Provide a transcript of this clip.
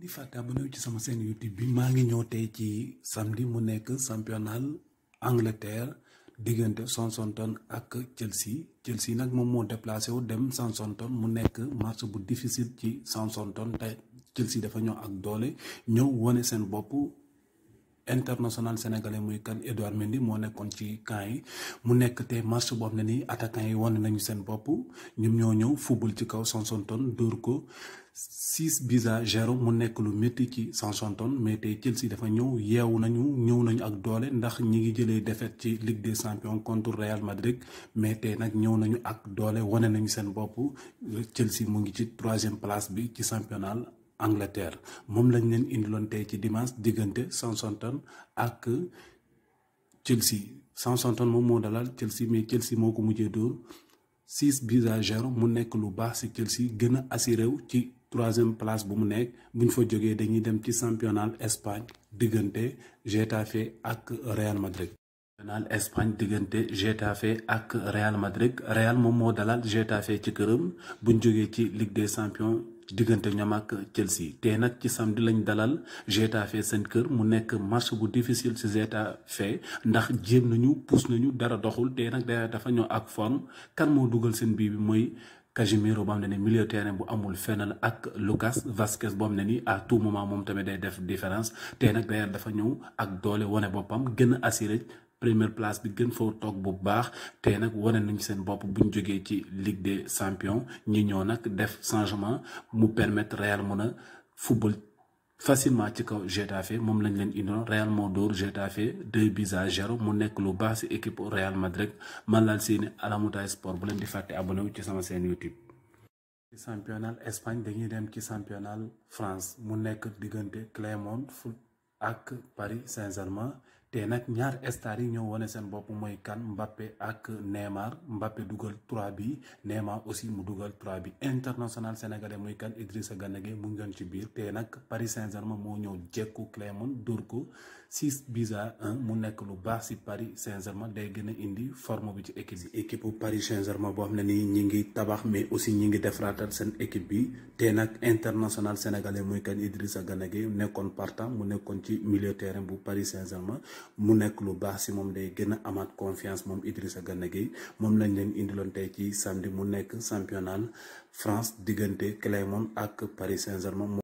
di fàtta bu ñëw ci sama seen youtube bi maa ngi ñëw tey ci samedi mu nekk championnat Angleterre diggante Southampton ak Chelsea Chelsea nag moom moo déplacé wu dem Southampton mu nekk match bu difficile ci Southampton te Chelsea dafa ñëw ak doole ñëw wone seen bopp international sénégalais muy kan Edouard Mendy moo nekkoon ci camp yi mu nekk te match boo xam ne nii attaquant yi wane nañu seen bopp ñu ñoo ñëw football ci kaw Southampton dóor ko six bisa à zéro mu nekk lu métti ci Southampton mais tey Chelsea dafa ñëw yeewu nañu ñëw nañu ak doole ndax ñi ngi jëlee défaite ci Ligue des champions contre Real Madrid mais tey nag ñëw nañu ak doole wane nañu seen bopp Chelsea mu ngi ci troisième place bi ci championnat Angleterre Mom lañ leen lon tay ci dimanche diggante Southampton ak Chelsea Southampton mom mo dalal Chelsea mais Chelsea moko mujjé mujjee 6 six buts à zéro mu nekk lu baax ci Chelsea gëna a assuré wu ci troisième place bu mu nekk buñ fa joggé dañuy dem ci championnat Espagne digënté Getafe ak Real Madrid. championnat Espagne digënté Getafe ak Real Madrid Real mom mo dalal Getafe ci kërëm buñ joggé ci Ligue des champions. diggante ñoom ak Chelsea te nag ci samedi lañ dalal Getafe seen kër mu nekk match bu difficile ci Getafe ndax jéem nañu puus nañu dara doxul te nag dafa ñëw ak forme kan moo dugal seen bii bi mooy Casemiro boo xam ne ni milieu terrain bu amul fenn ak Lucas Vazquez boo xam ne ni à tout moment moom tamit day def différence te nag dafa ñëw ak doole wane boppam gën a première place bi gën foo toog bu baax te nag wane nañ seen bopp buñ jógee ci Ligue des champions ñi ñoo nag def changement mu permettre Real mën football facilement ci kaw Getafe moom lañ leen indoon Real moo dóor Getafe deux bisagères. à zéro mu nekk lu baax ci équipe Real Madrid man laal seeni Alamouta Sport bu leen di fàtte abonné wu ci sama seen YouTube championnat Espagne dañuy dem ci championnat France mu nekk diggante Clermont foot ak Paris Saint-Germain te nag ñaar star yi ñoo wane seen bopp mooy kan Mbappé ak Neymar Mbappé dugal 3 bi Neymar aussi mu dugal trois bi international sénégalais muy kan Idrissa Gana Gueye mu ngi ci biir te nag Paris Saint-Germain moo ñëw jekku Clermont dóor ko 6 buts mu nekk lu baax si Paris Saint-Germain day gën a indi forme bi ci équipe bi. équipe Paris Saint-Germain boo xam ne nii ñi ngi tabax mais aussi ñi ngi defaraatal seen équipe bi te nag international sénégalais muy kan Idrissa Gana Gueye nekkoon partant mu nekkoon ci milieu terrain bu Paris Saint-Germain. mu nekk lu baax si moom day gën a amaat confiance moom Idrissa Gana Gueye moom lañ leen indiloon tey ci samedi mu nekk championnat France diggante Clermont ak Paris Saint-Germain.